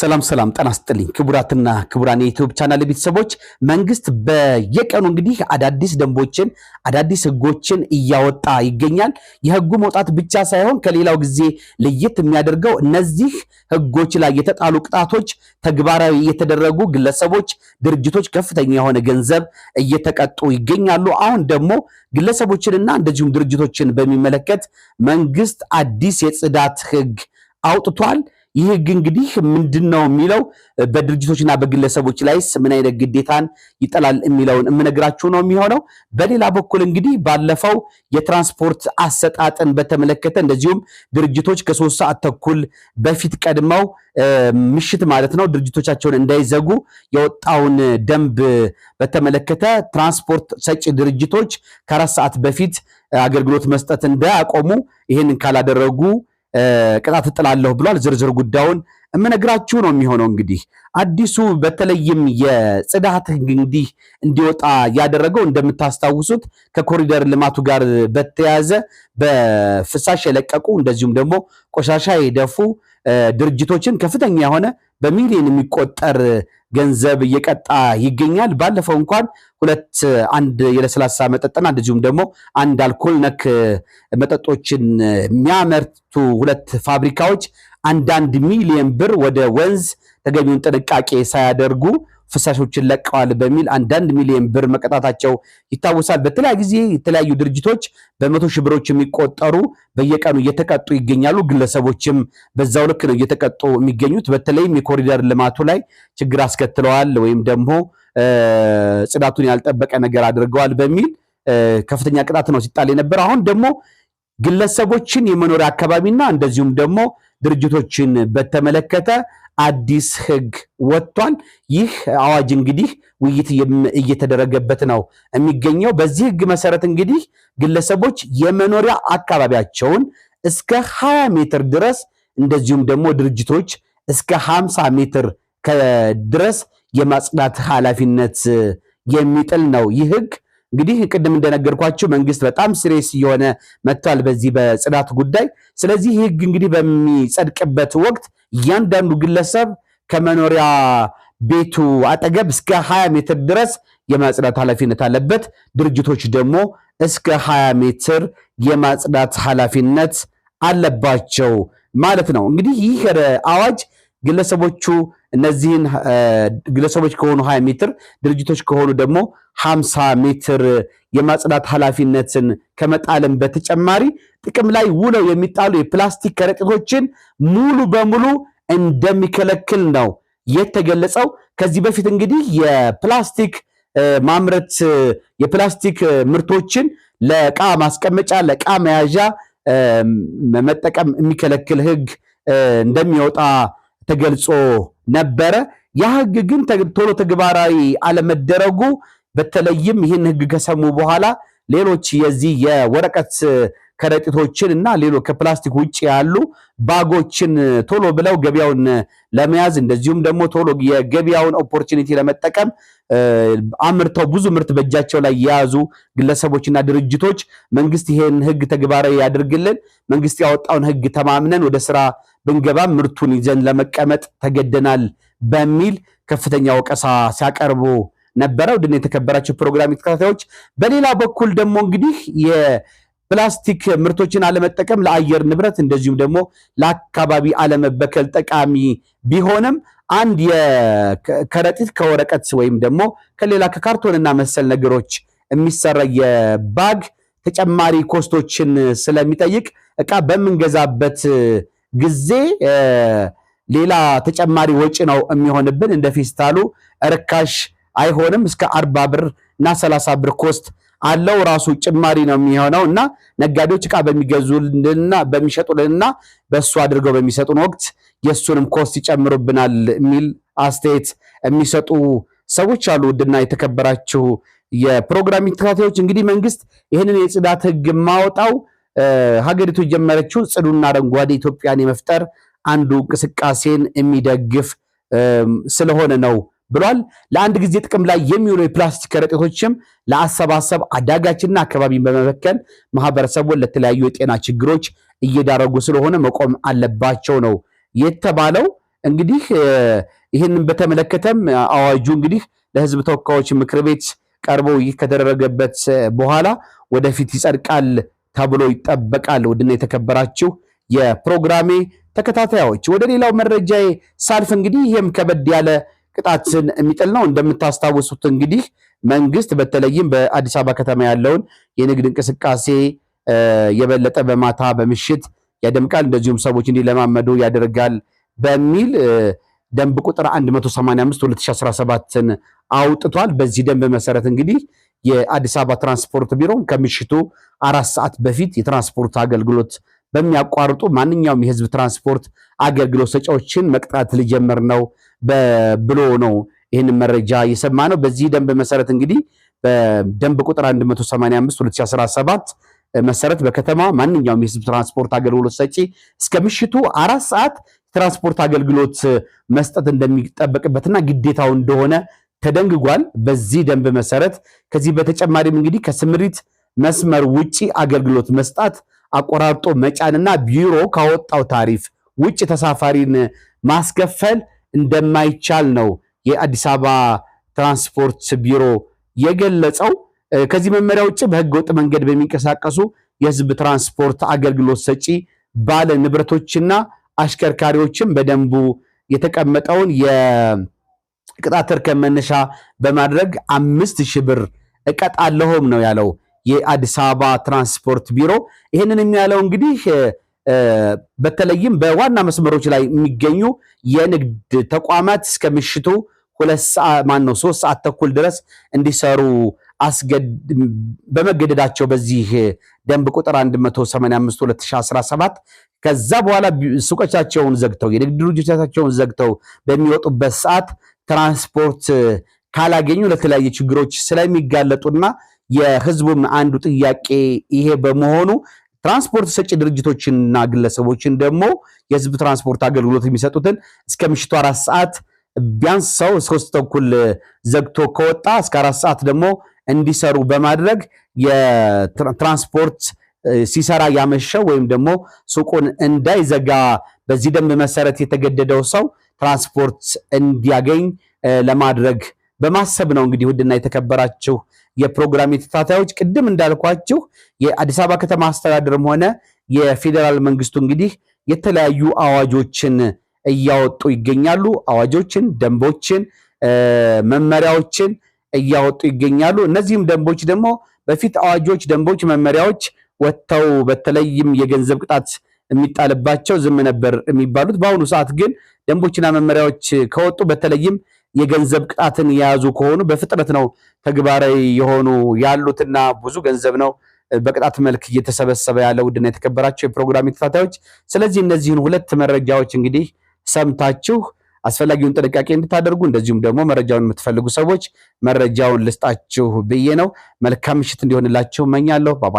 ሰላም ሰላም ጤና ይስጥልኝ ክቡራትና ክቡራን የዩቲዩብ ቻናል ቤተሰቦች፣ መንግስት በየቀኑ እንግዲህ አዳዲስ ደንቦችን አዳዲስ ህጎችን እያወጣ ይገኛል። የህጉ መውጣት ብቻ ሳይሆን ከሌላው ጊዜ ለየት የሚያደርገው እነዚህ ህጎች ላይ የተጣሉ ቅጣቶች ተግባራዊ እየተደረጉ ግለሰቦች፣ ድርጅቶች ከፍተኛ የሆነ ገንዘብ እየተቀጡ ይገኛሉ። አሁን ደግሞ ግለሰቦችንና እንደዚሁም ድርጅቶችን በሚመለከት መንግስት አዲስ የጽዳት ህግ አውጥቷል። ይህ ህግ እንግዲህ ምንድን ነው የሚለው በድርጅቶችና በግለሰቦች ላይስ ምን አይነት ግዴታን ይጠላል የሚለውን የምነግራችሁ ነው የሚሆነው። በሌላ በኩል እንግዲህ ባለፈው የትራንስፖርት አሰጣጥን በተመለከተ እንደዚሁም ድርጅቶች ከሶስት ሰዓት ተኩል በፊት ቀድመው ምሽት ማለት ነው ድርጅቶቻቸውን እንዳይዘጉ የወጣውን ደንብ በተመለከተ ትራንስፖርት ሰጪ ድርጅቶች ከአራት ሰዓት በፊት አገልግሎት መስጠት እንዳያቆሙ ይህንን ካላደረጉ ቅጣት እጥላለሁ ብሏል። ዝርዝር ጉዳዩን እምነግራችሁ ነው የሚሆነው። እንግዲህ አዲሱ በተለይም የጽዳት እንግዲህ እንዲወጣ ያደረገው እንደምታስታውሱት ከኮሪደር ልማቱ ጋር በተያያዘ በፍሳሽ የለቀቁ እንደዚሁም ደግሞ ቆሻሻ የደፉ ድርጅቶችን ከፍተኛ የሆነ በሚሊዮን የሚቆጠር ገንዘብ እየቀጣ ይገኛል። ባለፈው እንኳን ሁለት አንድ የለስላሳ መጠጥና እንደዚሁም ደግሞ አንድ አልኮል ነክ መጠጦችን የሚያመርቱ ሁለት ፋብሪካዎች አንዳንድ ሚሊየን ብር ወደ ወንዝ ተገቢውን ጥንቃቄ ሳያደርጉ ፍሳሾችን ለቀዋል በሚል አንዳንድ ሚሊዮን ብር መቀጣታቸው ይታወሳል። በተለያ ጊዜ የተለያዩ ድርጅቶች በመቶ ሺህ ብሮች የሚቆጠሩ በየቀኑ እየተቀጡ ይገኛሉ። ግለሰቦችም በዛው ልክ ነው እየተቀጡ የሚገኙት። በተለይም የኮሪደር ልማቱ ላይ ችግር አስከትለዋል ወይም ደግሞ ጽዳቱን ያልጠበቀ ነገር አድርገዋል በሚል ከፍተኛ ቅጣት ነው ሲጣል የነበረ። አሁን ደግሞ ግለሰቦችን የመኖሪያ አካባቢና እንደዚሁም ደግሞ ድርጅቶችን በተመለከተ አዲስ ህግ ወጥቷል። ይህ አዋጅ እንግዲህ ውይይት እየተደረገበት ነው የሚገኘው። በዚህ ህግ መሰረት እንግዲህ ግለሰቦች የመኖሪያ አካባቢያቸውን እስከ 20 ሜትር ድረስ እንደዚሁም ደግሞ ድርጅቶች እስከ 50 ሜትር ድረስ የማጽዳት ኃላፊነት የሚጥል ነው ይህ እንግዲህ ቅድም እንደነገርኳችሁ መንግስት በጣም ስሬስ እየሆነ መጥቷል በዚህ በጽዳት ጉዳይ። ስለዚህ ህግ እንግዲህ በሚጸድቅበት ወቅት እያንዳንዱ ግለሰብ ከመኖሪያ ቤቱ አጠገብ እስከ 20 ሜትር ድረስ የማጽዳት ኃላፊነት አለበት። ድርጅቶች ደግሞ እስከ 20 ሜትር የማጽዳት ኃላፊነት አለባቸው ማለት ነው። እንግዲህ ይህ አዋጅ ግለሰቦቹ እነዚህን ግለሰቦች ከሆኑ ሀያ ሜትር ድርጅቶች ከሆኑ ደግሞ ሀምሳ ሜትር የማጽዳት ኃላፊነትን ከመጣልን በተጨማሪ ጥቅም ላይ ውለው የሚጣሉ የፕላስቲክ ከረጢቶችን ሙሉ በሙሉ እንደሚከለክል ነው የተገለጸው። ከዚህ በፊት እንግዲህ የፕላስቲክ ማምረት የፕላስቲክ ምርቶችን ለእቃ ማስቀመጫ ለእቃ መያዣ መጠቀም የሚከለክል ሕግ እንደሚወጣ ተገልጾ ነበረ። ያ ህግ ግን ቶሎ ተግባራዊ አለመደረጉ በተለይም ይህን ህግ ከሰሙ በኋላ ሌሎች የዚህ የወረቀት ከረጢቶችን እና ሌሎች ከፕላስቲክ ውጭ ያሉ ባጎችን ቶሎ ብለው ገበያውን ለመያዝ እንደዚሁም ደግሞ ቶሎ የገበያውን ኦፖርቹኒቲ ለመጠቀም አምርተው ብዙ ምርት በእጃቸው ላይ የያዙ ግለሰቦችና ድርጅቶች መንግስት ይሄን ህግ ተግባራዊ ያድርግልን፣ መንግስት ያወጣውን ህግ ተማምነን ወደ ስራ ብንገባ ምርቱን ይዘን ለመቀመጥ ተገደናል በሚል ከፍተኛ ወቀሳ ሲያቀርቡ ነበረ። ውድን የተከበራቸው ፕሮግራም ተከታታዮች፣ በሌላ በኩል ደግሞ እንግዲህ የፕላስቲክ ምርቶችን አለመጠቀም ለአየር ንብረት እንደዚሁም ደግሞ ለአካባቢ አለመበከል ጠቃሚ ቢሆንም አንድ የከረጢት ከወረቀት ወይም ደግሞ ከሌላ ከካርቶንና መሰል ነገሮች የሚሰራ የባግ ተጨማሪ ኮስቶችን ስለሚጠይቅ እቃ በምንገዛበት ጊዜ ሌላ ተጨማሪ ወጪ ነው የሚሆንብን። እንደ ፌስታሉ ርካሽ አይሆንም። እስከ አርባ ብር እና ሰላሳ ብር ኮስት አለው ራሱ ጭማሪ ነው የሚሆነው እና ነጋዴዎች እቃ በሚገዙልንና በሚሸጡልንና በእሱ አድርገው በሚሰጡን ወቅት የእሱንም ኮስት ይጨምሩብናል የሚል አስተያየት የሚሰጡ ሰዎች አሉ። ውድና የተከበራችሁ የፕሮግራሚንግ ተከታታዮች እንግዲህ መንግስት ይህንን የጽዳት ህግ ማወጣው ሀገሪቱ የጀመረችው ጽዱና አረንጓዴ ኢትዮጵያን የመፍጠር አንዱ እንቅስቃሴን የሚደግፍ ስለሆነ ነው ብሏል። ለአንድ ጊዜ ጥቅም ላይ የሚውሉ የፕላስቲክ ከረጢቶችም ለአሰባሰብ አዳጋችና አካባቢን በመበከል ማህበረሰቡን ለተለያዩ የጤና ችግሮች እየዳረጉ ስለሆነ መቆም አለባቸው ነው የተባለው። እንግዲህ ይህንን በተመለከተም አዋጁ እንግዲህ ለህዝብ ተወካዮች ምክር ቤት ቀርቦ ይህ ከተደረገበት በኋላ ወደፊት ይጸድቃል ተብሎ ይጠበቃል። ውድና የተከበራችሁ የፕሮግራሜ ተከታታዮች ወደ ሌላው መረጃ ሳልፍ እንግዲህ ይህም ከበድ ያለ ቅጣትን የሚጥል ነው። እንደምታስታውሱት እንግዲህ መንግስት በተለይም በአዲስ አበባ ከተማ ያለውን የንግድ እንቅስቃሴ የበለጠ በማታ በምሽት ያደምቃል፣ እንደዚሁም ሰዎች እንዲለማመዱ ያደርጋል በሚል ደንብ ቁጥር 185 2017ን አውጥቷል። በዚህ ደንብ መሰረት እንግዲህ የአዲስ አበባ ትራንስፖርት ቢሮ ከምሽቱ አራት ሰዓት በፊት የትራንስፖርት አገልግሎት በሚያቋርጡ ማንኛውም የህዝብ ትራንስፖርት አገልግሎት ሰጫዎችን መቅጣት ሊጀምር ነው ብሎ ነው ይህን መረጃ የሰማ ነው። በዚህ ደንብ መሰረት እንግዲህ በደንብ ቁጥር 185 2017 መሰረት በከተማ ማንኛውም የህዝብ ትራንስፖርት አገልግሎት ሰጪ እስከ ምሽቱ አራት ሰዓት ትራንስፖርት አገልግሎት መስጠት እንደሚጠበቅበትና ግዴታው እንደሆነ ተደንግጓል። በዚህ ደንብ መሰረት ከዚህ በተጨማሪም እንግዲህ ከስምሪት መስመር ውጪ አገልግሎት መስጣት አቆራርጦ መጫንና ቢሮ ካወጣው ታሪፍ ውጭ ተሳፋሪን ማስከፈል እንደማይቻል ነው የአዲስ አበባ ትራንስፖርት ቢሮ የገለጸው። ከዚህ መመሪያ ውጭ በህገወጥ መንገድ በሚንቀሳቀሱ የህዝብ ትራንስፖርት አገልግሎት ሰጪ ባለ ንብረቶችና አሽከርካሪዎችም በደንቡ የተቀመጠውን ቅጣት እርከን መነሻ በማድረግ አምስት ሺህ ብር እቀጣለሁም ነው ያለው የአዲስ አበባ ትራንስፖርት ቢሮ። ይህንን የሚያለው እንግዲህ በተለይም በዋና መስመሮች ላይ የሚገኙ የንግድ ተቋማት እስከ ምሽቱ ሁለት ማን ነው ሶስት ሰዓት ተኩል ድረስ እንዲሰሩ በመገደዳቸው በዚህ ደንብ ቁጥር 185 2017 ከዛ በኋላ ሱቆቻቸውን ዘግተው የንግድ ድርጅቶቻቸውን ዘግተው በሚወጡበት ሰዓት ትራንስፖርት ካላገኙ ለተለያዩ ችግሮች ስለሚጋለጡና የህዝቡም አንዱ ጥያቄ ይሄ በመሆኑ ትራንስፖርት ሰጪ ድርጅቶችንና ግለሰቦችን ደግሞ የህዝብ ትራንስፖርት አገልግሎት የሚሰጡትን እስከ ምሽቱ አራት ሰዓት ቢያንስ ሰው ሶስት ተኩል ዘግቶ ከወጣ እስከ አራት ሰዓት ደግሞ እንዲሰሩ በማድረግ የትራንስፖርት ሲሰራ ያመሸው ወይም ደግሞ ሱቁን እንዳይዘጋ በዚህ ደንብ መሰረት የተገደደው ሰው ትራንስፖርት እንዲያገኝ ለማድረግ በማሰብ ነው። እንግዲህ ውድና የተከበራችሁ የፕሮግራም የተታታዮች ቅድም እንዳልኳችሁ የአዲስ አበባ ከተማ አስተዳደርም ሆነ የፌዴራል መንግስቱ እንግዲህ የተለያዩ አዋጆችን እያወጡ ይገኛሉ። አዋጆችን፣ ደንቦችን፣ መመሪያዎችን እያወጡ ይገኛሉ። እነዚህም ደንቦች ደግሞ በፊት አዋጆች፣ ደንቦች፣ መመሪያዎች ወጥተው በተለይም የገንዘብ ቅጣት የሚጣልባቸው ዝም ነበር የሚባሉት። በአሁኑ ሰዓት ግን ደንቦችና መመሪያዎች ከወጡ በተለይም የገንዘብ ቅጣትን የያዙ ከሆኑ በፍጥነት ነው ተግባራዊ የሆኑ ያሉትና ብዙ ገንዘብ ነው በቅጣት መልክ እየተሰበሰበ ያለ። ውድና የተከበራቸው የፕሮግራም ተከታታዮች፣ ስለዚህ እነዚህን ሁለት መረጃዎች እንግዲህ ሰምታችሁ አስፈላጊውን ጥንቃቄ እንድታደርጉ እንደዚሁም ደግሞ መረጃውን የምትፈልጉ ሰዎች መረጃውን ልስጣችሁ ብዬ ነው። መልካም ምሽት እንዲሆንላችሁ እመኛለሁ። ባባይ